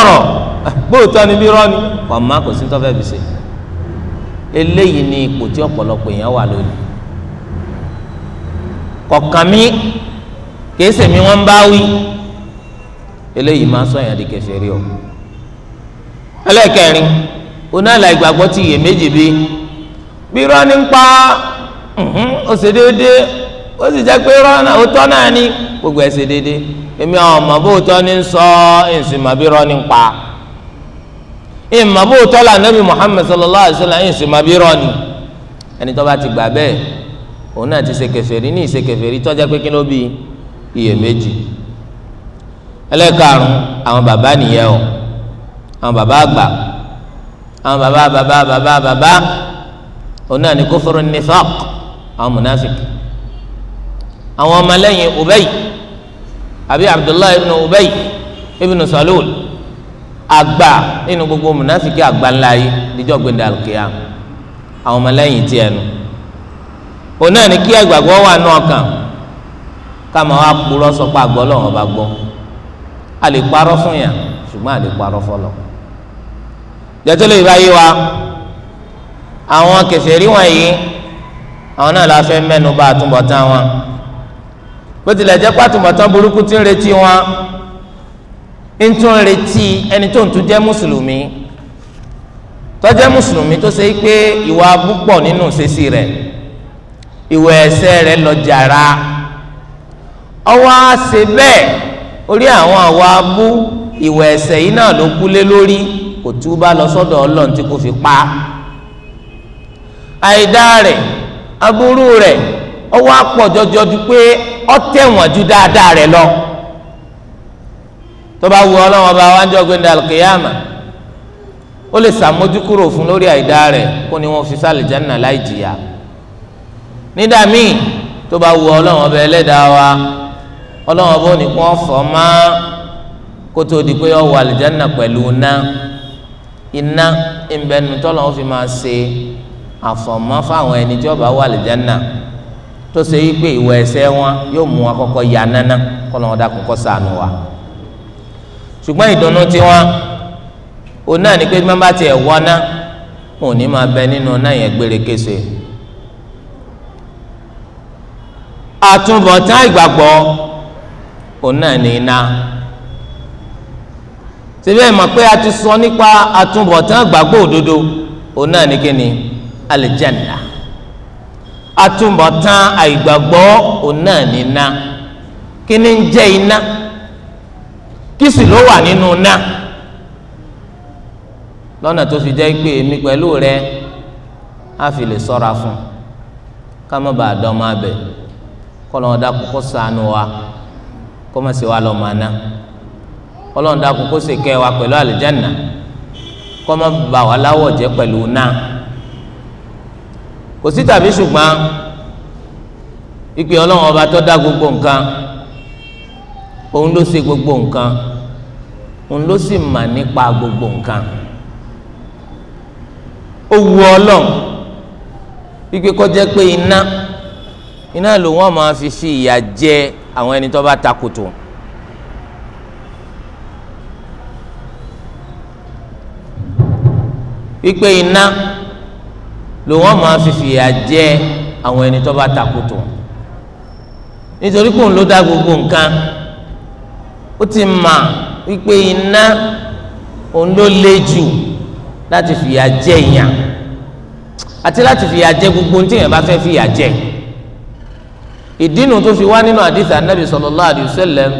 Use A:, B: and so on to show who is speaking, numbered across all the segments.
A: ọ̀rọ̀ gbóòótọ́ ni bí rọ́ọ̀nì ọ̀ma kò sí tọ́fẹ́ fi eléyìí ni ipò tí ọ̀pọ̀lọpọ̀ èèyàn wà lónìí kọ̀ọ̀kan mi kìí mi wọ́n ń bá wí eléyìí máa sọ èèyàn di kèfèrí o ẹlẹ́kẹ̀rin onáàlà ìgbàgbọ́ ti yè méjì bí bí rọ́ọ̀nì ń pa ó ṣe déédéé ó sì jẹ́ pé rọ́nà òótọ́ náà ni gbogbo ẹ̀ ṣe déédéé èmi ọmọ bóòótọ́ ní ń sọ ìsìnmọ̀bí rọ́ọ̀nì ń pa ìmọ̀ bóòótọ́ là nàbì Muhammad sallallahu alayhi wa sallam ìsìnmọ̀bí rọ́ọ̀nì ẹni tó bá ti gbà bẹ́ẹ̀ òun náà ti ṣe kèfèrí ní ìṣe kèfèrí tó jẹ́ pé kí ló bí iyèméjì ẹlẹ́karùn-ún àwọn bàbá nìyẹn o àwọn bàbá àgbà àwọn bàbá bàbá bàbá bàbá òun náà ni kófòrò nífàq àwọn mùnáfíkì àwọn ọmọlẹ́yìn Ubay àbí Abdullahi ibn Ubay ibn Salul àgbà nínú gbogbo munafiki àgbà ńlá yìí díjọ́ gbẹ̀dẹ̀ àlùkìyà àwọn ọmọlẹ́yìn tiẹ̀ nu òun náà ní kí ẹgbàgbọ́ wà náà kàn káma wa kpọ̀rọ̀ sọpọ àgbọ lọ́wọ́ bá gbọ́ a lè parọ́ fún yàn ṣùgbọ́n a lè parọ́ fọlọ ìbáyé wa àwọn kèfèrí wọ̀nyí àwọn náà la fẹ́ mẹ́nu bà àtúbọ̀tán wọn bó tilẹ̀ jẹ́ pàtùmọ̀tán burúkú tí ń retí wọn ń tún retí ẹni tó ń tún jẹ́ mùsùlùmí tó jẹ́ mùsùlùmí tó ṣe pé ìwà púpọ̀ nínú ṣèṣì rẹ̀ ìwà ẹ̀ṣẹ̀ rẹ̀ lọ jàrá ọwọ́ á ṣe bẹ́ẹ̀ orí àwọn àwa bú ìwà ẹ̀ṣẹ̀ yìí náà ló kú lé lórí kò túbá lọ sọ́dọ̀ ọlọ́run tí kò fi pa àìdá rẹ̀ aburú rẹ̀ ọwọ́ àpọ̀ jọjọ ju pé ọtẹ̀ wọ́n ju dáadáa rẹ̀ lọ tó bá wù ọlọ́wọ́n bá wá ń jọ gbẹ́ndà kìyàmà ó lè sàmójúkúrò fún lórí àìdá rẹ̀ kó ni wọ́n fi sálẹ̀ jánà láì jìyà nídà míì tó bá wù ọlọ́wọ́n bá ẹlẹ́dàá wa ọlọ́wọ́n bó ní kó fọ́ má kó tó di pé ó wà àlìjánà pẹ̀lú ná iná ìbẹnu tọ́lọ́wọ́n fi máa ṣe àfọ̀mọ́ fáwọn ẹni tí ó bá wà àlìjánà tó ṣe yí pé ìwọ ẹ̀ṣẹ̀ wọn yóò mú wọn kọ́kọ́ ya nánà kọlọ wọn dákun kọ ṣàánú wa ṣùgbọ́n ìdùnnú tiwọn òun náà ni pé bá bá tiẹ̀ wọná wọn ò ní máa bẹ nínú náà yẹn gbére kése àtúbọ̀tán ìgbàgbọ́ òun náà ní iná síbẹ̀ mọ̀ pé a ti sọ nípa àtúbọ̀tán ìgbàgbọ́ òdodo òun náà ní kíni alìjẹ́nà atúmọ̀tán àìgbàgbọ́ òun náà ní iná kí ni ń jẹ́ iná kí sì ló wà nínú iná lọ́nà tó fi jẹ́ pé èmi pẹ̀lú rẹ á fi lè sọ́ra fún ká má bàa dọ́mọ abẹ kọ́lọ́n dákun kó ṣàánú wa kó má sì wá lọ́mọ aná kọ́lọ́n dákun kó sì kẹ́ wa pẹ̀lú àlùjánnà kó má bàa wà láwọ̀ jẹ́ pẹ̀lú náà kò sí tàbí ṣùgbọ́n ìpè ọlọ́run ọba tó dá gbogbo nǹkan òun ló ṣe gbogbo nǹkan òun ló sì mà nípa gbogbo nǹkan ó wu ọlọ́run ìpè kó jẹ́ pé iná iná ló wọ́n máa fi fi ìyà jẹ àwọn ẹni tó bá takòtò. ìpè iná ló wọ́n máa fi fìyà jẹ àwọn ẹni tó bá takòtò nítorí kóun ló dá gbogbo nǹkan ó ti mà wípé iná òun ló le jù láti fìyà jẹ èèyàn àti láti fìyà jẹ gbogbo ohun tí èèyàn bá fẹ́ fìyà jẹ ìdínú tó fi wá nínú àdìsá anábì sallallahu alaihi wasallam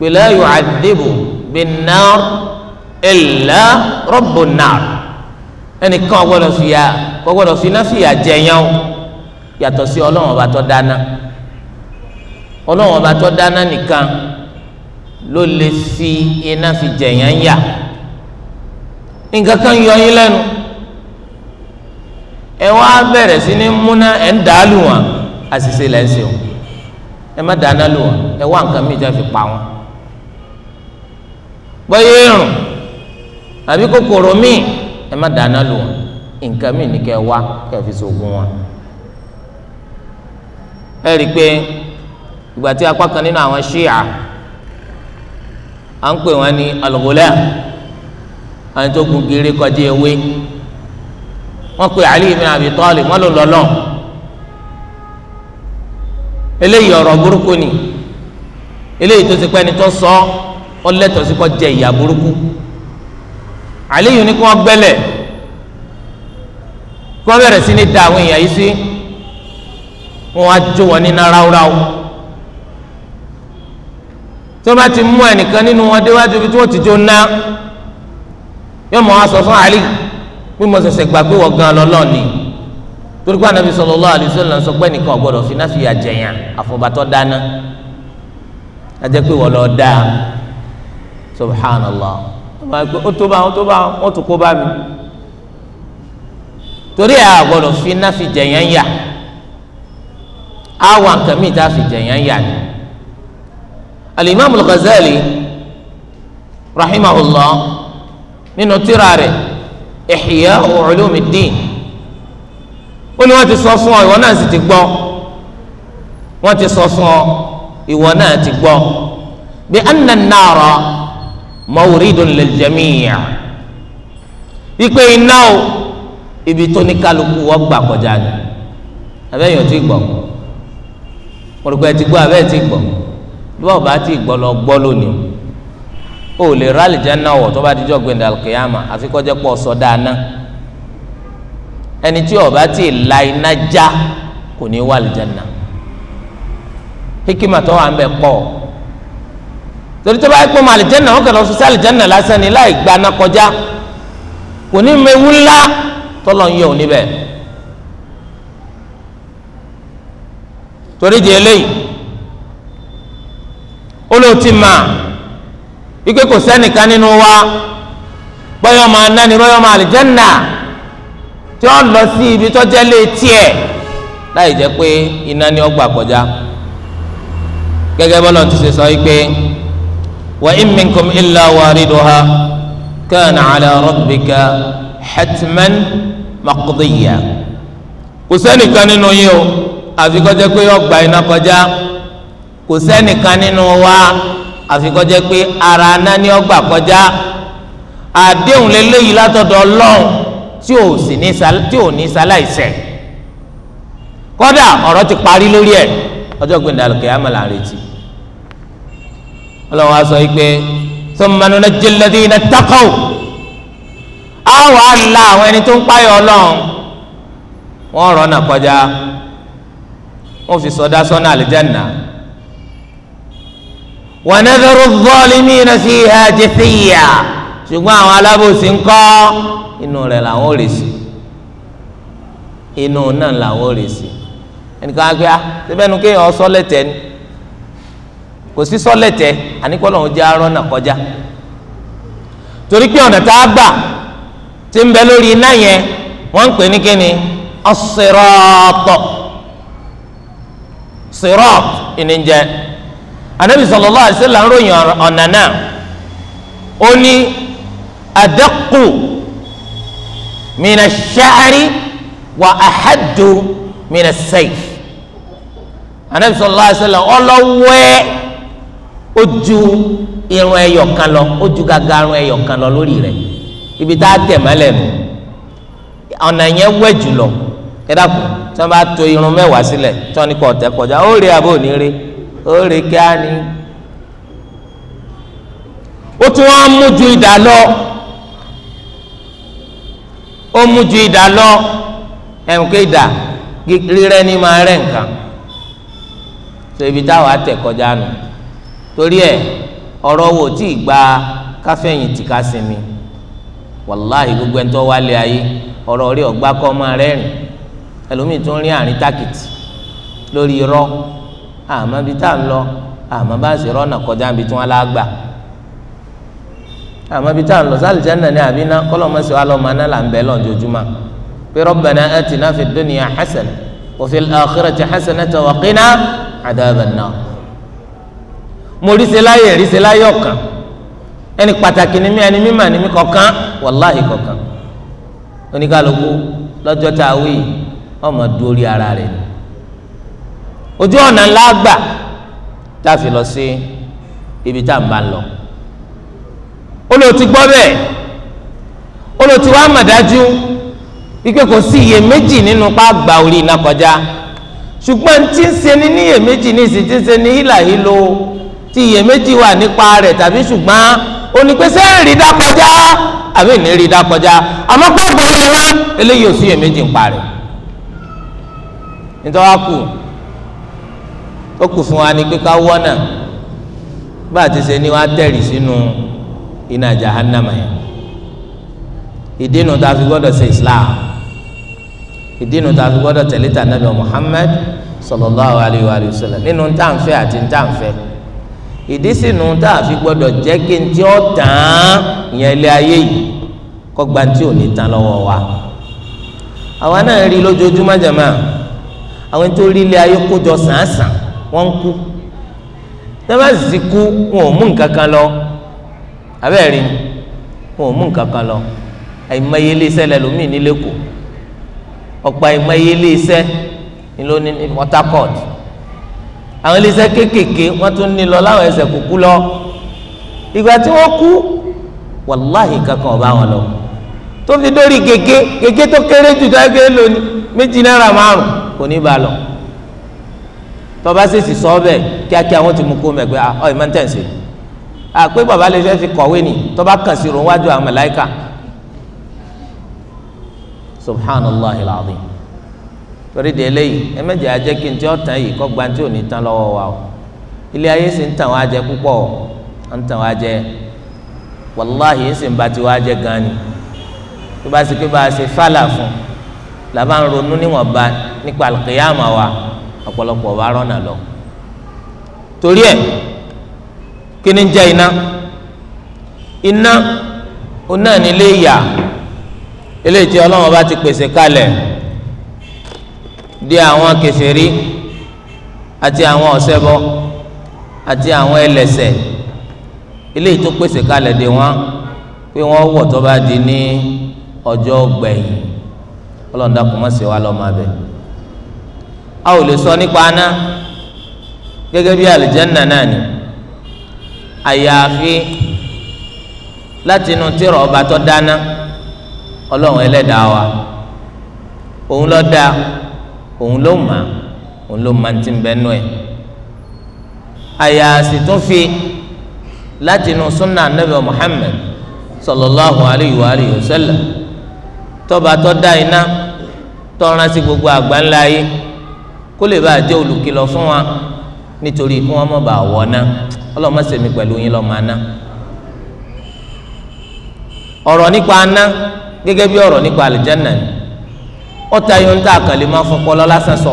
A: pé la yu'adhibu bin-nar illa rabbun-nar ẹnìkan ò fìyà kò gbọdọ̀ fi iná fìyà jẹ yẹn o yàtọ̀ sí ọlọ́run ọba tó dáná ọlọ́run ọba tó dáná nìkan ló lè fi iná fi jẹ yẹn yà nǹkan kan yọ yín lẹ́nu ẹ wá bẹ̀rẹ̀ sí ní múná ẹ̀ ń dàálù wọn àṣìṣe lẹ́sìn o ẹ má dáná lò wọn ẹ wá nǹkan mìíràn fi pa wọn bọ́yé irun àbí kòkòrò míì ẹ má dáná lò wọn nǹkan mìíní kẹ wá kẹ fi sògùn wọn. ẹ rí i pé ìgbà tí apá kan nínú àwọn ṣíà à ń pè wọn ní al àwọn tó gun gèrè kọjá ewé wọn pe Ali ibn Abi Talib wọn ló lọ lọ eléyìí ọ̀rọ̀ burúkú ni eléyìí tó ti pẹ́ ni tó sọ ọ lẹ́tọ̀ọ́ sí kọ́ jẹ ìyà burúkú àlíyù ní kí wọ́n gbẹ́lẹ̀ kí wọ́n bẹ̀rẹ̀ sí ní da àwọn èèyàn yìí sí wọ́n á jó wọn níná ráúráú tó bá ti mú ẹnìkan nínú wọn déwájú bí tí wọ́n ti jó ná yóò sọ fún Ali pé mo gan lọlọ ni torí pé anabi sọ pé fi náà fi àjẹyàn dáná pé lọ subhanallah ó tó bá wọn tó bá wọn tó torí ẹ àgbọ́dọ̀ fi iná fi jẹyàn yà àwọn nǹkan míì tá a fi jẹyàn yà ni alimami al-Ghazali rahimahullah nínú tírà rẹ̀ Ihya Ulumuddin ó ní wọ́n ti sọ fún ọ ìwọ náà sì ti gbọ́ wọ́n ti sọ fún ọ ìwọ náà ti gbọ́ bí anna an-nara mawridun lil-jami' wípé iná o ibi tó ní kálukú wọ́n gbà kọjá ni abẹ́yẹn ò tí gbọ́ orúkọ ẹ ti gbọ́ abẹ́ ẹ ti gbọ́ bí wọ́n bá ti gbọ́ lọ gbọ́ lónìí o lè rà àlìjáná wọ̀ tó bá dijọ́ gbẹ̀ndà kìyàmà àfi kọjá pọ̀ sọ dáná ẹni tí ó bá ti la iná já kò ní wà àlìjáná hikima tó wà ń bẹ pọ̀ torí tó bá yẹ kó ma àlìjáná wọn kàn lọ sọ sí àlìjáná lásán ni láì gbaná kọjá kò ní mewu ńlá tọ́lọ̀ ń yẹ òun níbẹ̀ torí di eléyìí ó ló ti mà ike kò sẹ́nìkan nínú wa bọ́yọ̀ máa náni bọ́yọ̀ máa àlìjẹ́nà tí ó lọ sí ibi tọ́jẹ́ létí ẹ̀ láì jẹ́ pé iná ni ó gbà kọjá gẹ́gẹ́ bọ́lá ti ṣe sọ yìí pé wa in minkum illa wariduha kana ala rabbika hatman maqdiya kò sẹ́nìkan nínú yín o àfi kó jẹ́ pé ọgbà iná kọjá kò sẹ́nìkan nínú wa àfi kó jẹ́ pé ara aná ní ọgbà kọjá àdéhùn lélẹ́yìí látọ̀dọ̀ ọlọ́run tí ò sì ní tí ò ní sáláìsẹ̀ kódà ọ̀rọ̀ ti parí lórí ẹ̀ ọjọ́ gbẹ̀ndà al-qiyamah ọlọ́run á sọ yìí pé thumma nunajji alladhina ttaqaw á wà á la àwọn ẹni tó ń páyọ Ọlọ́run wọ́n rọ́nà kọjá wọ́n fi sọdá sọ́nà àlìjánà wọn nẹ́dọ̀rọ̀ zọ́ọ̀lìmí iná sí ìhà jẹ́síyà ṣùgbọ́n àwọn alábòsí ń kọ́ inú rẹ̀ làwọn ò rè sí inú náà làwọn ò rè sí ẹnìkan á gbé a ah, síbẹ̀ nu kéèyàn sọ lẹ́tẹ̀ ni kò sí sọ àníkọ́ lọ́hún jẹ́ arọ́nà kọjá torí pé ọ̀nà tá a gbà tí ń bẹ lórí iná yẹn wọ́n ń pè ní kíni ọ̀sìrọ̀ọ̀tọ̀ sirọ́ọ̀t ìníjẹ anabi sallallahu alaihi wasallam ròyìn ọ̀nà náà ó ní adaqu mina sha'ri wa ahaddu mina sayf anabi sallallahu alaihi wasallam ọlọ́wẹ́ ojú irun ẹyọ kan lọ ojú gàgà irun ẹyọ kan lọ lórí rẹ̀ ibi tá a tẹ̀ mọ́lẹ̀ nù ọ̀nà yẹn wẹ̀ jùlọ kẹ́dàkùn tí wọ́n bá to irun mẹ́wàá sílẹ̀ tí wọ́n ní kọ́ ọ̀tẹ́ kọjá ó rí àbò ní rí ó rí kíá ni ó tún wá mú ju idà lọ ó mú ju idà lọ ẹnìkan idà rírẹ́ ní máa rẹ́ nǹkan tó ibi táwa tẹ̀ kọjá nù torí ẹ̀ ọ̀rọ̀ wò tí ì gba káfẹ́yìntì ká sinmi wàláhì gbogbo ẹni tó wálé ayé ọ̀rọ̀ rí ọ̀gbá kọ́ máa rẹ́rìn ẹlòmíì tún rí àárín tákìtì lórí irọ́ àmọ́ bí tá à ń lọ àmọ́ bá sì rọ́nà kọjá níbi tí wọ́n lá gbà àmọ́ bí tá à ń lọ sálì jẹ́ nàní àbíná kọ́lọ́mọ́sí wa lọ́ọ́ máa ná là ń bẹ́ lọ́njọ́júmọ́ pé rabbana atina fid dunya hasanah wa fil akhirati hasanah wa qina adhaban nar mo rí se láyé rí se láyé ọ̀kan ẹni pàtàkì ni mí ẹni mímà ni mí kọ̀ọ̀kan wàláhì kọ̀ọ̀kan oníkàlùkù lọ́jọ́ tá a wí ọmọ dórí ara rẹ̀ ni ojú ọ̀nà ńlá gbà tá a fi lọ sí ibi tá a bá ń lọ olóòtú gbọ́ bẹ́ẹ̀ olóòtú wa mà dájú wípé kò sí iyèméjì nínú pàgbà orí iná kọjá ṣùgbọ́n tí ń ṣe ní níyèméjì ní ìsìn tí ń ṣe ní hílàhílo tí iyèméjì wà nípa rẹ̀ tàbí ṣùgbọ́n onípèsè rí dá kọjá àbí ní rí dá kọjá àmọ́ gbàgbọ́ ọ̀nà eléyìí ò sí èméjì ń parẹ́ nítorí wá kù ó kù fún wa ní pé wọ́nà bá a ti ṣe ni wọ́n á tẹ̀rì sínú iná jahannama yẹn ìdínú tá a fi gbọ́dọ̀ ṣe Islam ìdínú tá a fi gbọ́dọ̀ tẹ̀lé tà nàbẹ̀ Muhammad sallallahu alayhi wa sallam nínú ntànfẹ́ àti ntànfẹ́ ìdí sínú tá a fi gbọdọ̀ jẹ́ kí n tí ó tàn án ìyẹn ilé ayé yìí kọ́gbà tí ò ní tán lọ́wọ́ wa àwa náà rí lójoojúmọ́ jàmá àwọn tó rí ilé ayé kójọ sàǹsàn wọ́n ń kú tẹ́lá sì kú wọn ò mú nǹkan kan lọ abẹ́ẹ̀ rí wọn ò mú nǹkan kan lọ àìmọye iléeṣẹ́ lẹ́lòmíì nílé kù ọ̀pọ̀ àìmọye iléeṣẹ́ ni ló ní Port Harcourt àwọn iléeṣẹ́ kéékèèké wọ́n tún ní lọ láwọn ẹsẹ̀ kúkú lọ ìgbà tí wọ́n kú wàláhì kankan ọba wọn lọ tó fi dórí gègé gègé tó kéré jù tó ẹgbẹ́ lónìí méjì náírà márùn kò ní ba lọ tọba sì sì sọ bẹ́ẹ̀ kíákíá wọ́n ti mú kó mẹgbẹ ọ ẹ máa ń tẹ̀sí àpé bàbá lè fẹ́ fi kọ̀wé ni tọba kàn sí ronwájú àwọn màláíkà subhanallah ilaahi torí de eléyìí ẹ mẹjẹ ajẹ kí n tí ó tán yìí kọ gba tí ò ní tán lọ́wọ́ wa o ilé ayé sì ń tàn wá jẹ púpọ̀ ọ ń tàn wá jẹ wàláhì ń sì ń ba ti wá jẹ gan ni tó bá sì pé bá a ṣe fàlà fún la ń ronú níwọ̀nba nípa àlùkìyàmà wa ọ̀pọ̀lọpọ̀ wa rọ̀nà lọ torí ẹ kí ni jẹ iná iná onáà ní ilé ìyà eléyìí tí ọlọ́run bá ti pèsè kalẹ̀ di àwọn kèfèrí àti àwọn ọ̀sẹ́bọ àti àwọn ẹlẹ́ṣẹ̀ eléyìí tó pèsè kalẹ̀ dè wọ́n pé wọ́n wọ̀ tó bá di ní ọjọ́ gbẹ̀yìn ọlọ́run dàkú mọ́ sí wa lọ́mọ abẹ. a ò lè sọ nípa aná gẹ́gẹ́ bí àlìjẹ́nà náà ni àyàfi láti inú tírọ̀ ọba tó dáná ọlọ́run ẹlẹ́dàá wa òun ló dáa òun ló mà òun ló máa ti ń bẹ nú ẹ àyàsì tó fi láti inú sunna anabi muhammed sallallahu alayhi wa alayhi wa sallam tọba tó dá iná tọ́ran sí gbogbo àgbáńlá yìí kó lè bá a jẹ́ olùkìlọ̀ fún wa nítorí kí wọ́n mọ̀ bá a wọ̀ ná ọlọ́mọ sèmi pẹ̀lú yín lọ́mọ aná ọ̀rọ̀ nípa aná gẹ́gẹ́ bí ọ̀rọ̀ nípa àlìjánnà ni ọta yóò ń tà àkàlẹ́ máa fọpọ́ lọ lásán sọ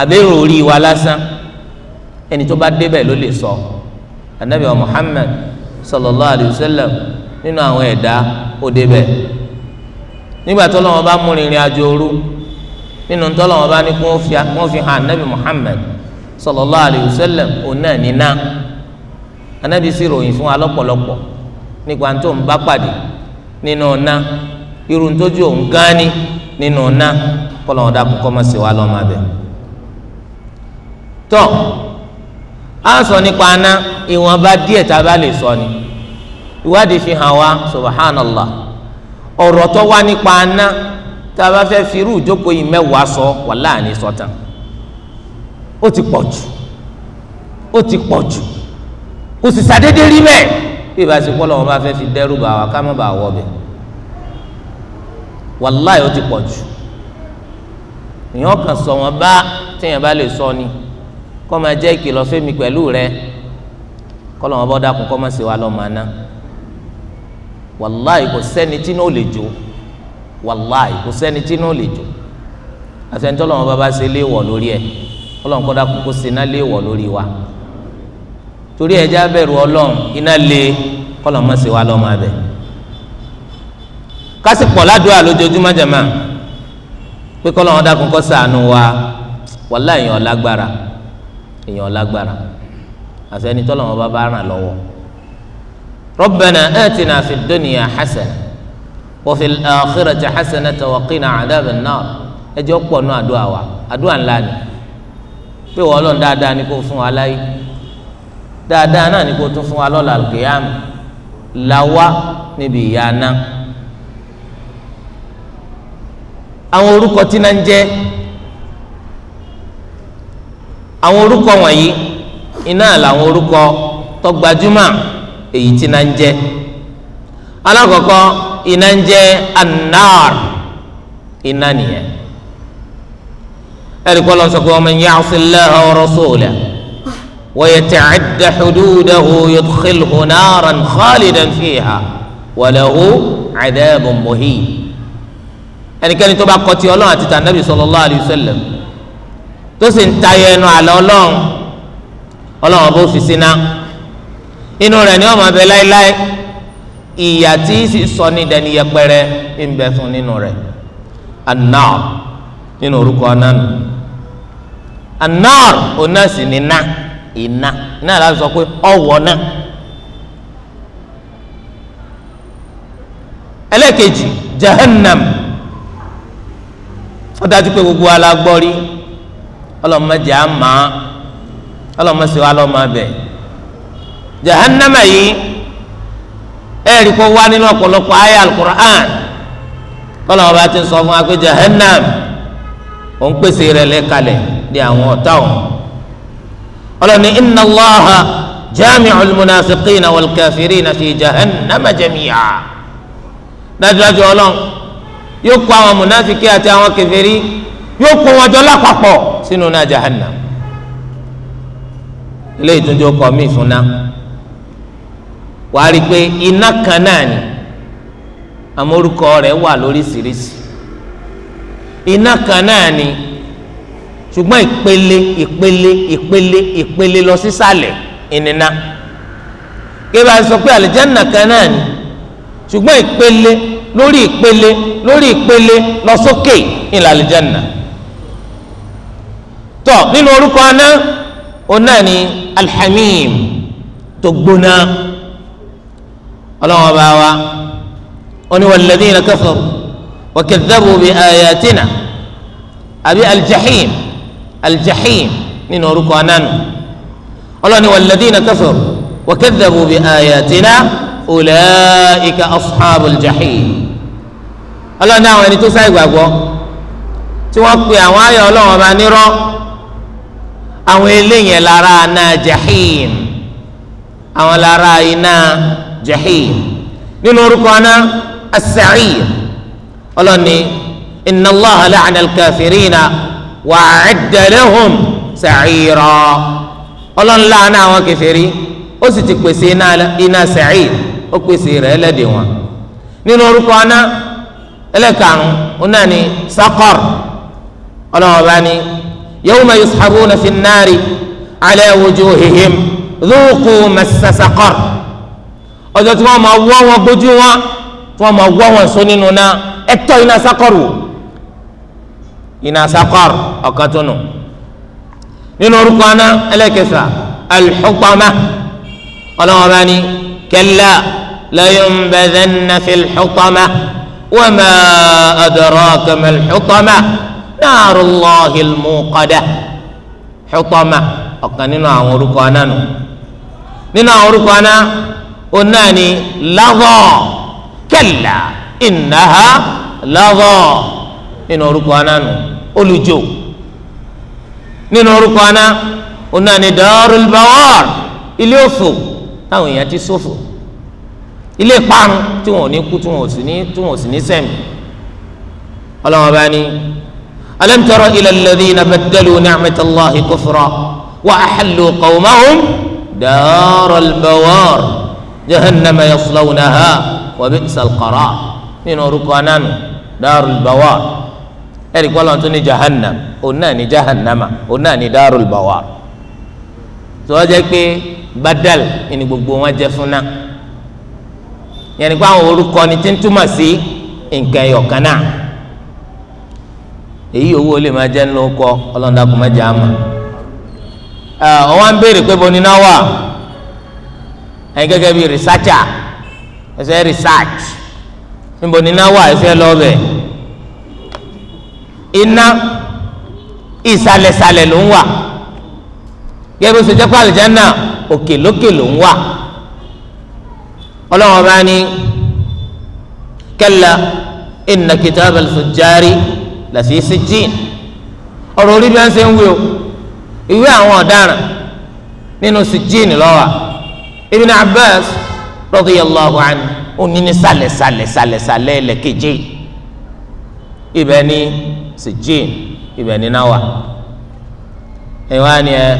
A: àbẹ́rò orí wa lásán ẹni tó bá débẹ̀ ló lè sọ anabi wa Muhammad sallallahu alayhi wa sallam nínú àwọn ẹ̀dá ó débẹ̀ nígbà tó lọ́wọ́ bá mú rìnrìn àjò òru nínú tó lọ́wọ́ bá ní kó fi hàn anabi Muhammad sallallahu alayhi wa sallam òun náà níná anabi sì ròyìn fún wa lọ́pọ̀lọpọ̀ nípa tó ń bá pàdé nínú ọ̀nà irú ntọ́jú òun gan ni nínú ọ̀nà kọ́lọ́ ọ̀dà kó kọ́ mọ̀ sí wa lọ́mọ abẹ. tọ́ a sọ nípa aná ìwọ̀nba díẹ̀ tá a bá lè sọ ni ìwádìí fi hàn wá subhanallah ọ̀rọ̀ tó wá nípa aná tá a bá fẹ́ fi ìjókòó yìí mẹ́wàá sọ wà láàánú sọ́tàn ó ti pọ̀ jù ó ti pọ̀ jù kò sì sàdédé rí mẹ́ẹ̀ bí ìbá lọ́wọ́ bá fẹ́ fi dẹ́rù bà wá ká má bàa wọ̀ bẹ́ẹ̀ wàláyé ó ti pọ̀ jù èèyàn kan sọ wọn bá téèyàn bá lè sọ ni kọ́ máa jẹ́ ìkìlọ̀ fẹ́mi pẹ̀lú rẹ kọ́ lọ́wọ́ bọ́ dákun kọ́ máa ṣe wa lọ́ọ́ máa ná wàláyé kò sẹ́ni tí náà lè jò wàláyé kò sẹ́ni tí náà lè jò àfẹnitọ́ lọ́wọ́ bá bá ṣe léèwọ̀ lórí ẹ̀ kọ́ lọ́wọ́ kọ́ dákun kó ṣe iná léèwọ̀ lórí wa torí ẹ̀já bẹ̀rù ọlọ́run iná lé kọ́ lọ́wọ́ máa ṣe wa lọ́ọ́ máa kásì pọ̀ ládùúgbò lójoojúmọ́ jẹ̀mọ́ pé kọ́ lọ́wọ́n dákun kọ́ ṣàánú wa wàlá èèyàn lágbára èèyàn lágbára àfẹ́ni tọ́lọ́wọ́n bá bá ràn lọ́wọ́ rabbana atina fid dunya hasana wa fil akhirati hasanatan wa qina adhaban nar ẹ jẹ́ pọ̀ nù àdúrà wa àdúrà ńlá ni pé wọ́n lọ́n ni kò fún wa láyé dáadáa náà ni kò tún fún wa lọ́la al-qiyam làwa níbi ìyá àwọn orúkọ tí náà ń jẹ́ àwọn orúkọ wọ̀nyí iná làwọn orúkọ tó gbajúmọ̀ èyí tí náà ń jẹ́ alákọ̀ọ́kọ́ iná ń jẹ́ anar iná nìyẹn ẹ̀rí kọ́ ló sọ pé man ya'si Allaha wa rasulahu wa yata'adda hududahu yudkhilhu naran khalidan fiha wa lahu 'adabun muhin ẹnikẹ́ni tó bá kọtí ọlọ́run àti tànàbì sallallahu alayhi wa sallam tó sì ń tayọ ẹnu àlọ́ ọlọ́run ọlọ́run bó fi síná inú rẹ̀ ni ọmọ abẹ láéláé ìyà tí sì sọ ní dẹni yẹpẹrẹ ń bẹ fún nínú rẹ̀ anar nínú orúkọ nánu anar oná sì ní ná iná náà láti sọ pé ọwọ́ náà ẹlẹ́kejì jahannam ó dájú pé gbogbo alágbọ́rí ọlọ́mọdé á mà á ọlọ́mọsí wa lọ́mọ abẹ jahannama yìí ẹ̀rí kó wá nínú ọ̀pọ̀lọpọ̀ ayé alukur'an kọ́lọ́mọ bá ti sọ fún wa pé jahannam òun pèsè rẹ̀ lẹ́kalẹ̀ ní àwọn ọ̀tá wọn ọlọ́ni inna Allaha jami'ul munafiqina wal kafirina fi jahannama jami'a dájúdájú ọlọ́run yóò kó àwọn munafiki àti àwọn kèfèrí yóò kó wọn jọ lápapọ̀ sínú náà jahannam ilé ìtúndì ọkọ mi fún ná wàá rí i pé iná kan náà ni àmọ́ orúkọ rẹ̀ wà lóríṣiríṣi iná kan náà ni ṣùgbọ́n ìpele ìpele ìpele ìpele lọ sísàlẹ̀ ìnìna kí bá sọ pé àlìjánnà kan náà ni ṣùgbọ́n ìpele lórí ìpele lórí ìpele lọ sókè ila aljanna tọ nínú orúkọ aná ọ̀nà ni alhamim tó gbóná ọlọ́wọ́n bá wa oní walladhina kafaru wa kadhabu bi ayatina àbí aljahim aljahim nínú orúkọ aná nù ọlọ́ni walladhina kafaru wa kadhabu bi ayatina ulaika ashabul jahim ọlọ́run náà àwọn ẹni tó sáì gbàgbọ́ tí wọ́n pe àwọn ayọ̀ ọlọ́run ọba nírọ́ àwọn eléyìn lára náà jahim àwọn lára iná jahim nínú orúkọ náà as-sa'ir ọlọ́run ní inna Allaha la'ana al-kafirina wa a'adda lahum sa'ira ọlọ́run àwọn kèfèrí ó sì ti pèsè iná sa'ir ó pèsè rẹ̀ ẹlẹ́dẹ̀ wọn nínú orúkọ aná ẹlẹ́karùn ún náà ni sakor ọlọ́wọ́n bá ní yawma yushabuna fi nnaari ala wujuhihim dhuqu massa sakor ọjọ́ tí wọ́n máa wọ́ wọn gbójú wọn tí wọ́n máa wọ́ wọn sọ nínú náà ẹ̀tọ́ iná sakor wò iná sakor ọ̀kan tó nù nínú orúkọ aná ẹlẹ́kẹsà alḥuqama ọlọ́wọ́n bá ní لينبذن في الحطمة وما أدراك ما الحطمة نار الله الموقدة حطمة ọ̀kan nínú àwọn orúkọ aná nù nínú àwọn orúkọ aná òun náà ni lọ́gọ̀ kẹlà ìnáha lọ́gọ̀ nínú orúkọ aná nù olùjò nínú orúkọ aná òun náà ni dọ́rùlbáwọ́r ilé òfò táwọn èèyàn ti ṣòfò. So ilé parun tí wọn ò ní kú tí wọn ò sì ní tí wọn ò sì ní sẹ́mi ọlọ́wọ́n bá ní alam tara ila alladhina baddalu ni'matallahi kufra wa ahallu qawmahum daral bawar jahannama yaslawnaha wa bi'sal qarar nínú orúkọ anánu daral bawar ẹ̀rí kọ́lọ́n tó ní jahannam òun náà ní jahannama òun náà ní daral bawar tó wá jẹ́ pé badal ìní gbogbo wọn jẹ́ fúnná yẹn ni pé àwọn orúkọ ni ti ń túmọ̀ sí nǹkan ẹ̀yọ̀kan náà èyí owó lè máa jẹ́ nínú kọ ọlọ́dàkùn mẹ́jọ àmà ọwọ́n ń béèrè pé boni náà wà ẹ̀yin gẹ́gẹ́ bíi researcher ẹ̀sẹ̀ research níbo ni náà wà ẹ̀sẹ̀ lọ́ọ̀bẹ̀ iná ìsàlẹ̀sàlẹ̀ ló ń wà gẹ́gẹ́ bó ṣe jẹ́ pé àlùjánnà ló ń wà ọlọ́wọ́n bá ní kalla inna kitab al-fujjari lafi sijjin ọ̀rọ̀ orí bí wọ́n ṣe ń wí o ìwé àwọn ọ̀daràn nínú sijjin lọ́wọ́ Ibn Abbas radiyallahu anhu onini sálẹ̀ sálẹ̀ sálẹ̀ sálẹ̀ ẹlẹ́keje ibẹ̀ ni sijjin ibẹ̀ ni náwà ẹ̀wá ni ẹ̀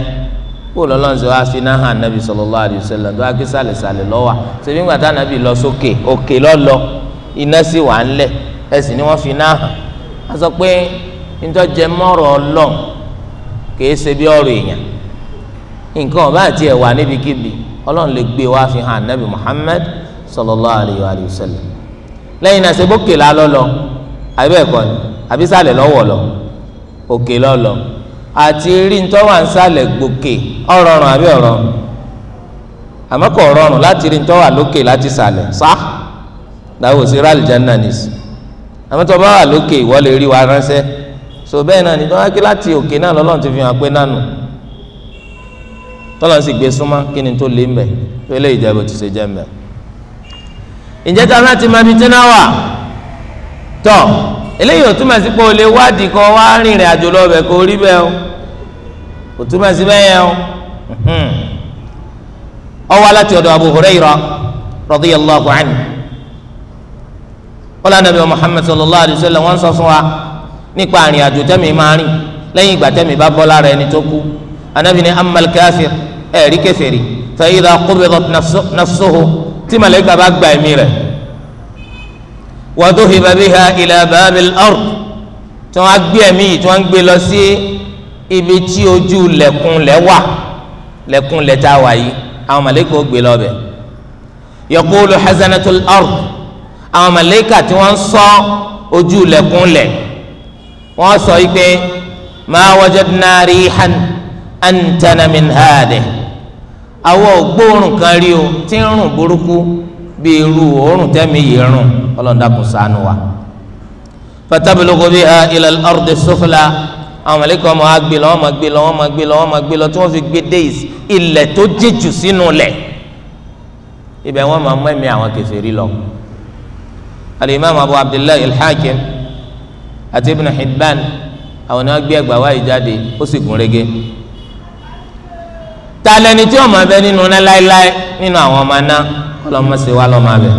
A: kó lọ́lọ́run sọ wá finá hàn nàbì sallallahu alaihi wasallam tó wá kí sàlẹ̀sàlẹ̀ lọ́wà ṣèbí gbàtà nàbì lọ sókè òkè lọ́lọ́ iná sì wà ń lẹ̀ ẹ̀sìn ni wọ́n finá hàn á sọ pé ntọ́jẹ mọ́rọ̀ ọlọ́run kìí ṣe bí ọ̀rọ̀ èèyàn nǹkan ọ̀bá àti ẹ̀wà níbikíbi ọlọ́run lè gbé wá fi hàn nàbì Muhammad sallallahu alaihi wasallam lẹ́yìn náà àti rí ntọ́wà ń sàlẹ̀ gbòkè ọ̀rọ̀ àbí ọ̀rọ̀ àmọ́ kò láti rí lókè láti sàlẹ̀ sá làwọn òsì rà àlìjáná nìsí bá wà lókè ìwọ lè rí wa so bẹ́ẹ̀ náà nítorí láti òkè náà lọ́lọ́run fi hàn pé nánu sì gbé súnmọ́ kí ni tó lé ìjẹ́bù ti ṣe jẹ́ máa fi o lè wádìí wá rìnrìn àjò rí bẹ́ẹ̀ o ò túmọ̀ sí bẹ́ẹ̀ o. ọwọ́ hmm. aláti ọ̀dọ̀ abu huraira radiyallahu anhu wọ́n lánàá bí muhammad sallallahu alayhi wa sallam wọ́n sọ fún wa nípa àrìn àjò tẹ́mi máa rìn lẹ́yìn ìgbà tẹ́mi bá bọ́ lára ẹni tó kú anabi ni amal kafir ẹ̀rí kẹfẹ́rì fa idha qubidat tí malayika bá gba ẹ̀mí rẹ̀ wa dhuhiba biha ila babil tí wọ́n á gbé ẹ̀mí yìí tí wọ́n á gbé lọ sí ibi tí ojú lẹ̀kùn lẹ̀ lẹkùn lẹta wáyé àwọn màlẹ́kà ó gbé lọ́bẹ̀ yaqulu hazanatul ard àwọn màlẹ́kà tí wọ́n ṣọ́ ojú lẹkùn lẹ̀ wọ́n sọ yìí pé ma wajadna rihan antana min hadih àwọn ògbóòrùn kan rí o tí ń rùn burúkú bí irú òórùn tẹ́mi yìí rùn ọlọ́ọ̀dà sànù wa fatabilugu biha ilal ardi sufla àwọn mọ̀lẹ́kọ̀ ọmọ agbè lọ ọmọ agbè lọ ọmọ agbè lọ ọmọ agbè lọ tí wọ́n fi gbé days ilẹ̀ tó jẹ́jù sínú lẹ̀ ibẹ̀ wọ́n máa mẹ́mí àwọn kèfèrí lọ. al-imam abu abdullahi al-hakim àti ibn hibban àwọn ni wọ́n gbé ẹgbàá wáyé jáde ó sì gún régé. ta lẹni tí ọmọ abẹ nínú náà láéláé nínú àwọn ọmọ náà kọlọmọ sí wa lọmọ abẹ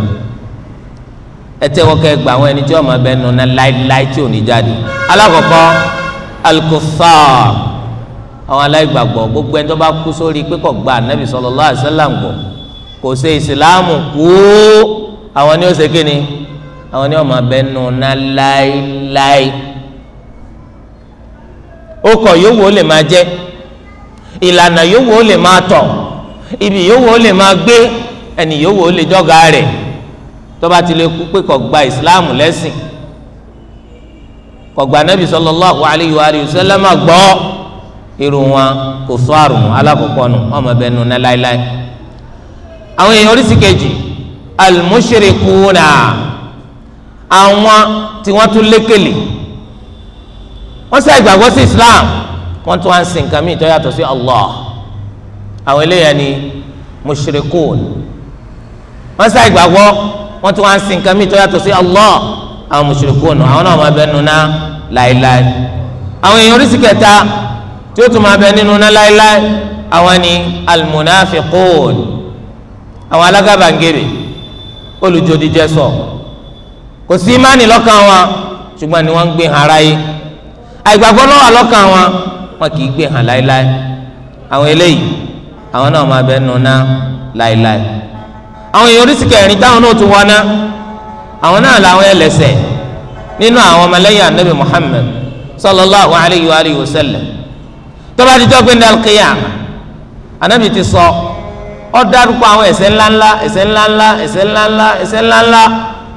A: ẹ tẹ́wọ́ kẹ́ gbà àwọn ẹni tí ọmọ abẹ nínú náà láéláé tí ò ní jáde alákọ̀ọ́kọ́ al-kuffar àwọn aláìgbàgbọ́ gbogbo ẹni tó bá kú sórí pé kò gba anabi sallallahu alaihi wasallam gbọ́ kò ṣe ìsìláàmù kú àwọn ni ó ṣe kíni àwọn ni ó máa bẹ nù ná láéláé ó kọ yòówó lè máa jẹ ìlànà yòówó lè máa tọ̀ ibi yòówó lè máa gbé ẹni yòówó lè jọga rẹ̀ tó bá ti lè kú pé gba ìsìláàmù lẹ́sìn kọgbà anabi sallallahu alayhi wa alihi wa sallam gbọ́ irun wọn kò sọ àrùn alákọ̀ọ́kọ́ nù ọmọ bẹ́ẹ̀ nù náà láéláé. àwọn èèyàn oríṣi kejì almushrikuna àwọn tí wọ́n tún lékele wọ́n ṣe ìgbàgbọ́ sí islam wọ́n tún wá ń sin nǹkan mìíràn yàtọ̀ sí allah àwọn eléyàn ni mushrikun wọ́n ṣe ìgbàgbọ́ wọ́n tún wá ń sin nǹkan mìíràn yàtọ̀ sí allah àwọn mushrikun àwọn náà wọ́n bẹ́ẹ̀ nù náà láéláé àwọn èèyàn oríṣi kẹta tí ó tún máa bẹ nínú náà láéláé àwọn ni almunafiqun àwọn alágàbàǹgèrè olùjòdìjẹ sọ kò sí imáàni lọ́kàn wọn ṣùgbọ́n ni wọ́n ń gbé hàn aráyé àìgbàgbọ́ ló wà lọ́kàn wọn wọn kì í gbé hàn láéláé àwọn eléyìí àwọn náà máa bẹ nínú náà láéláé àwọn èèyàn oríṣi kẹrin táwọn náà tún wọná àwọn náà làwọn ẹlẹ́ṣẹ̀ nínú àwọn ọmọlẹ́yìn anabi muhammed sallallahu alayhi wa alihi wa sallam tó bá di jọ́gbìn ní alqiyama anabi ti sọ ó dárúkọ àwọn ẹ̀ṣẹ̀ ńláńlá ẹ̀ṣẹ̀ ńláńlá ẹ̀ṣẹ̀ ńláńlá ẹ̀ṣẹ̀ ńláńlá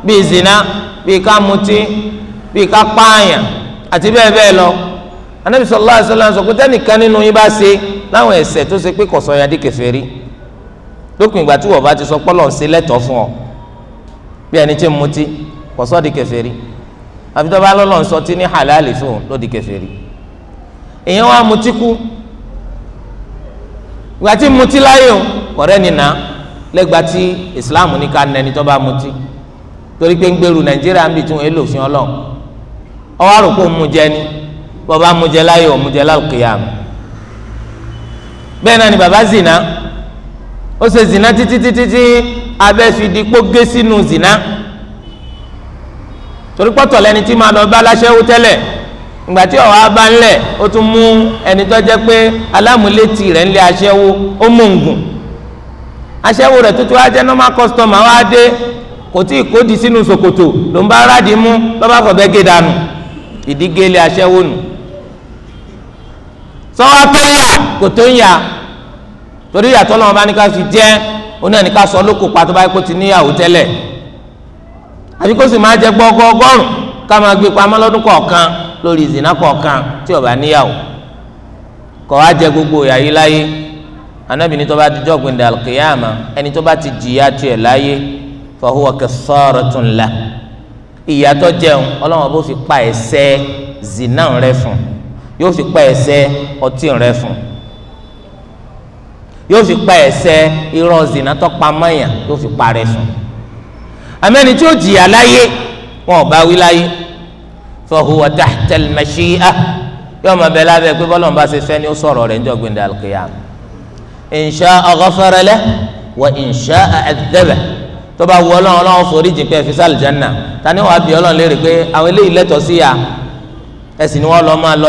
A: bíi zina bíi ká mutí bíi ká pààyàn àti bẹ́ẹ̀ bẹ́ẹ̀ lọ anabi sallallahu alayhi wa sallam sọ pé tẹ́nìkan nínú yín bá ṣe láwọn ẹ̀ṣẹ̀ tó ṣe pé kò sọ ya di lókun ìgbà tí wọ́n bá ti sọ pé ṣe lẹ́tọ̀ọ́ fún ọ bí ẹni tí ń mutí kò sọ di àfi tó bá lọ́lọ́ ń sọ ní halali fún ló di kèfèrí èèyàn wa mutí kú ìgbà tí mutí láyé o kọ̀rẹ́ nìna lẹ́gbàá tí Islam ní ká nẹni tó bá mutí torí pé ń gbèrú Nàìjíríà ń bì tún èlò òfin Ọlọ́run ọwọ́ àròkò mu jẹ ni bàbá mu jẹ láyé o mu jẹ lálùkìyàm bẹ́ẹ̀ náà ni bàbá zina ó ṣe zina títí títí tí abẹ́ fi di kó gé sínú zina torí pọ́tọ̀ lẹni tí máa lọ bá aláṣẹ́wó tẹ́lẹ̀ ìgbàtí ọ̀rọ̀ abá ńlẹ̀ ó tún mú ẹni tó jẹ́ pé alámúlétì rẹ̀ ńlẹ̀ aṣẹ́wó ó mú ngùn aṣẹ́wó rẹ̀ tuntun á jẹ́ normal customer wá dé kò tí ì kódi sínú ṣòkòtò ló ń bá aráàdì mú lọ́ba fọ̀bẹ́ gé dànù ìdígélé aṣẹ́wó nù sọ́wọ́ apáyà kò tó ń yà torí ìyàtọ̀ náà bá ní ká fi jẹ́ oní ẹni ká sọ lóko pàtó báyìí kó ti níyàwó tẹ́lẹ̀ àbí kó sì máa jẹ gbọgọgọrùn ká máa gbé pamọ́ lọ́dún kọ̀ọ̀kan lórí ìzìnà kọ̀ọ̀kan tí ó bá níyàwó kó wá jẹ gbogbo ìyà yìí láyé Ànábì ní tó bá ti jọ́gbìn dàlùkìyàmà ẹni tó bá ti jìyà tiẹ̀ láyé fa huwa kasaratun la ìyà jẹun Ọlọ́run bó fi pa ẹ̀ṣẹ̀ zìnà rẹ fún yóò fi pa ẹ̀ṣẹ̀ ọtí rẹ fún yóò fi pa ẹ̀ṣẹ̀ irọ́ zìnà tó pa mọ́yàn yóò fi pa rẹ fún amẹ́ni tí ó jìyà láyé wọn ò bá wí láyé fahuwa tahta al-mashi'ah yóò máa bẹ lábẹ́ pé bọ́lọ́mù bá ṣe fẹ́ ni ó sọ̀rọ̀ rẹ̀ níjọ́ gbẹ̀ndẹ̀ al-qiyam in sha'a ghafara lahu wa in sha'a adhabahu tó bá wù ọlọ́run ọlọ́run forí jìn pé ẹ̀fíṣà àlùjáná ta ni wàá bí ọlọ́run léèrè pé àwọn eléyìí lẹ́tọ̀ọ́ sí ya ẹ̀sìn ni wọ́n lọ máa lọ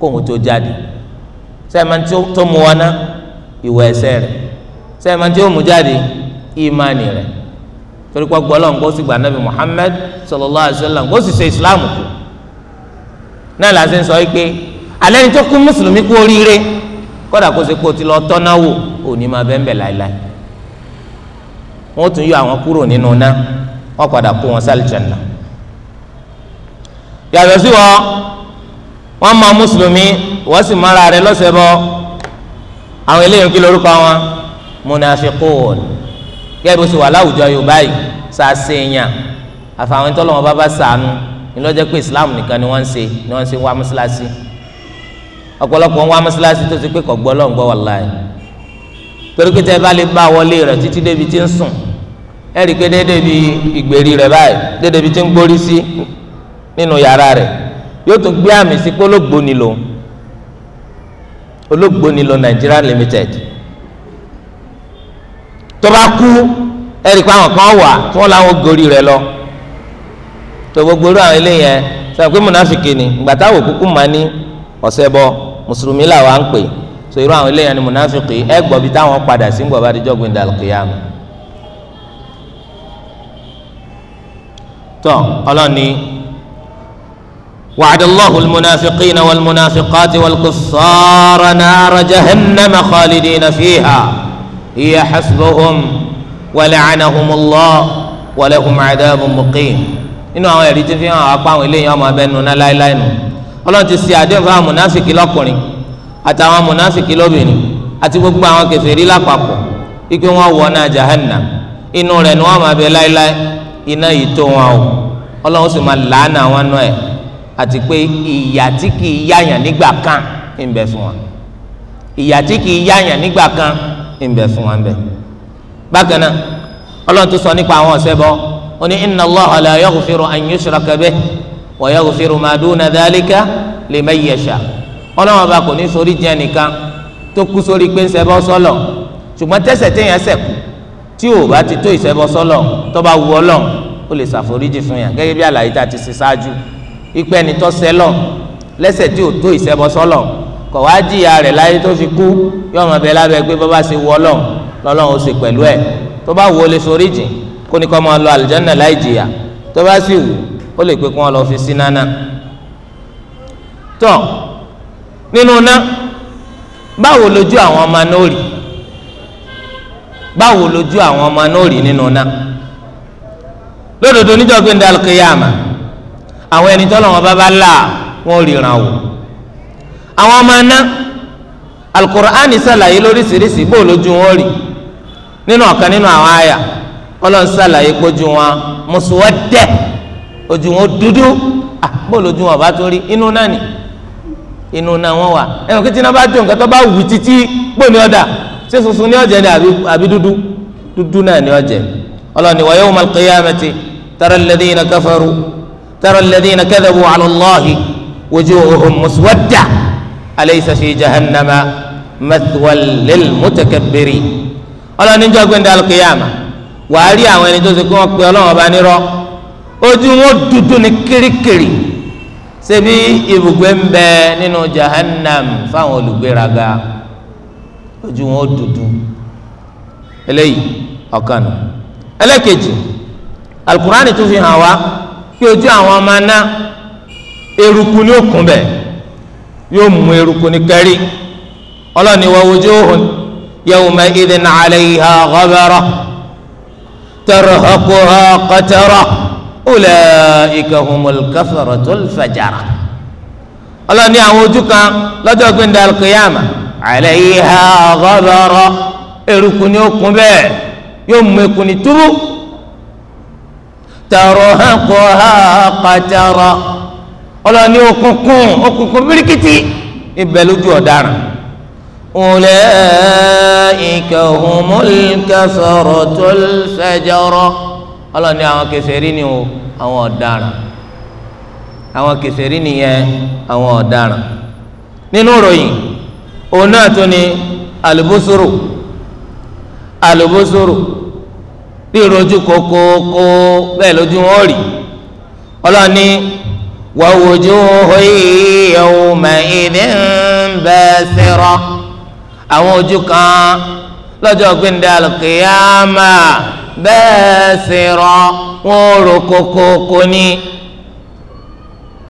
A: kó òun tó jáde sẹ́ẹ̀mà tó mu wọn ná ìwọ ẹ̀ṣẹ̀ rẹ̀ sẹ́ẹ̀mà tí ó mu jáde ìmánì rẹ̀ torí pé gbọ́lọ́ nǹkan ó gba Muhammad sallallahu alayhi wa sallam ó ṣe islam kù náà làá ṣe ń sọ yìí pé alẹ́ ni tó kú mùsùlùmí kú oríire kó ṣe ti òní máa bẹ́ẹ̀ bẹ́ẹ̀ láéláé wọ́n wọ́n máa mùsùlùmí wọ́n sì mara rẹ̀ lọ́sẹ̀ bọ́ àwọn eléyìí kí lórúkọ wọn munafikun gẹ́gẹ́ bó ṣe wà láwùjọ yorùbá yìí sàṣe èèyàn àfàwọn tọ́lọ́wọ́n bá bá sànù ńlọ́jẹ́ pé islam nìkan ni wọ́n ń ṣe ni wọ́n ń ṣe wá mọ́ṣáláṣí ọ̀pọ̀lọpọ̀ ń wá mọ́ṣáláṣí tó ti pé kò gbọ́ lọ́ngbọ́ wàláì torí pé tẹ́ bá lè bá wọlé rẹ̀ títí débi tí ń sùn ẹ̀ rí i pé déédéé bi ìgbèrí rẹ̀ báyìí déédéé bi tí ń gbórí sí nínú yàrá rẹ̀ yóò tún gbé àmì sí pé olóògbó ni olóògbó ni Nigeria Limited tó bá kú ẹ̀rí pé àwọn kan wà tí wọ́n láwọn gorí rẹ̀ lọ tó gbogbo irú àwọn ilé sọ pé mùnàfíkì ni ìgbà táwọn òkúkú máa ní ọ̀sẹ̀ bọ mùsùlùmí làwọn à ń pè so irú àwọn ilé ni mùnàfíkì ẹ gbọ́ bí táwọn padà sí gbọ́ bá وعد الله المنافقين والمنافقات والكفار نار جهنم خالدين فيها هي حسبهم ولعنهم الله ولهم عذاب مقيم inú àwọn ẹ̀rí tí fi hàn apá àwọn eléyìí ọmọ abẹ́ nu náà láéláé nu ọlọ́run ti ṣe àdéhùn fún àwọn mùnáfìkì lọ́kùnrin àtàwọn mùnáfìkì lóbìnrin àti gbogbo àwọn kèfèrí lápapọ̀ ikú wọn wọ náà jahannam inú rẹ̀ ni wọ́n máa bẹ láéláé iná yìí tó wọn o ọlọ́run sì máa làánà wọn náà ẹ̀ àti pé ìyà tí kì í yáyàn nígbà kan ń bẹ fún wa ìyà tí kì í yáyàn nígbà kan ń bẹ fún wa ń bẹ. bákan náà ọlọ́run tó sọ nípa àwọn ọ̀ṣẹbọ ó ní inna Allaha la yaghfiru an yushraka bihi wa yaghfiru ma duna dhalika liman yasha ọlọ́run ọba kò ní sórí jẹ́ nìkan tó kú sórí pé ń ṣẹbọ sọ́lọ̀ ṣùgbọ́n tẹ́sẹ̀ téèyàn ṣẹ̀kù tí ò bá ti tó ìṣẹbọ sọ́lọ̀ tó bá wù ọlọ́run ó lè ṣàforíjì fún yàn gẹ́gẹ́ bí àlàyé tá a ti ṣe ṣáájú ikú ẹni tó sẹlọ lẹ́ṣẹ̀ tí ò tó ìṣẹbọ sọlọ kọ wá jìyà rẹ̀ láyé tó fi kú yọ ọmọ bẹ́ẹ̀ lábẹ́ pé bọba ṣe wọ Ọlọ́run lọ́lọ́run ó ṣe pẹ̀lú ẹ tó bá wù ó lè sori jìn kó ní kó máa lọ àlùjánnà láì jìyà tó bá sì wù ó lè pé kó wọn lọ fi sí nánà tọ nínú ná báwo lójú àwọn ọmọ náà báwo lójú àwọn ọmọ náà rí nínú ná lódodo níjọ́ gbẹndé alùkìyàmà àwọn ẹni tọ́lọ̀ wọn bá bá là wọn ò ríran wò àwọn ọmọ aná alukur'an ṣàlàyé lóríṣiríṣi bó lójú wọn rí nínú ọ̀kan nínú àwọn àyà ọlọ́run ṣàlàyé pójú wọn mùsùlùmọ́dẹ́ ojú wọn dúdú bó lójú wọn bá tó rí inú náà ni inú náà wọn wà ẹnu kí tinubu bá jó nǹkan tó bá wù títí gbóni ọ̀dà ṣé funfun ní ọ̀jẹ̀ ni àbí dúdú dúdú náà ni ọ̀jẹ̀ ọlọ́run ni wa yawmal qiyamati tara alladhina kafaru. ترى الذين كذبوا على الله وجوههم مسودة أليس في جهنم مثوى للمتكبرين ọlọ́ níjọ́ gbẹ̀ndẹ̀ alùkìyàmà wàá rí àwọn ẹni tó ṣe kí wọ́n pe ọlọ́run ọba nírọ́ ojú wọn dúdú ní kirikiri ṣebí ibùgbé ń bẹ nínú jahannam fáwọn olùgbéraga ojú wọn dúdú eléyìí ọ̀kan ẹlẹ́kejì alukuraani tún fi hàn wá kí ojú àwọn ọmọ aná eruku ní òkun bẹ̀ yóò mú eruku ní kẹrí ọlọ́ni wa wujuhun yawma idhin 'alayha ghabara tarhaquha qatara ulaika humul kafaratul fajara ọlọ́ni àwọn ojú kan lọ́jọ́ gbẹ̀ndà alqiyama 'alayha ghabara eruku ní òkun bẹ́ẹ̀ yóò mú eku ní túrú tarhaquha qatara ọlọ́ni òkùnkùn òkùnkùn bíríkìtì ibẹ̀ lójú ọ̀daràn. ulaika humul kasaratul fajara ọlọ́ni àwọn kèfèrí ni àwọn ọ̀daràn àwọn kèfèrí nìyẹn àwọn ọ̀daràn nínú ìròyìn òun náà tó ni àlùbọ́sọ̀rọ̀ àlùbọ́sọ̀rọ̀ bí rojú kokoko bẹ́ẹ̀ lójú wọn rì ọlọ́ni wa wujuhun yawma'idhin basira àwọn ojú kan lọ́jọ́ gbẹ̀ndẹ̀ al-qiyama basira wọn rò kokoko ní.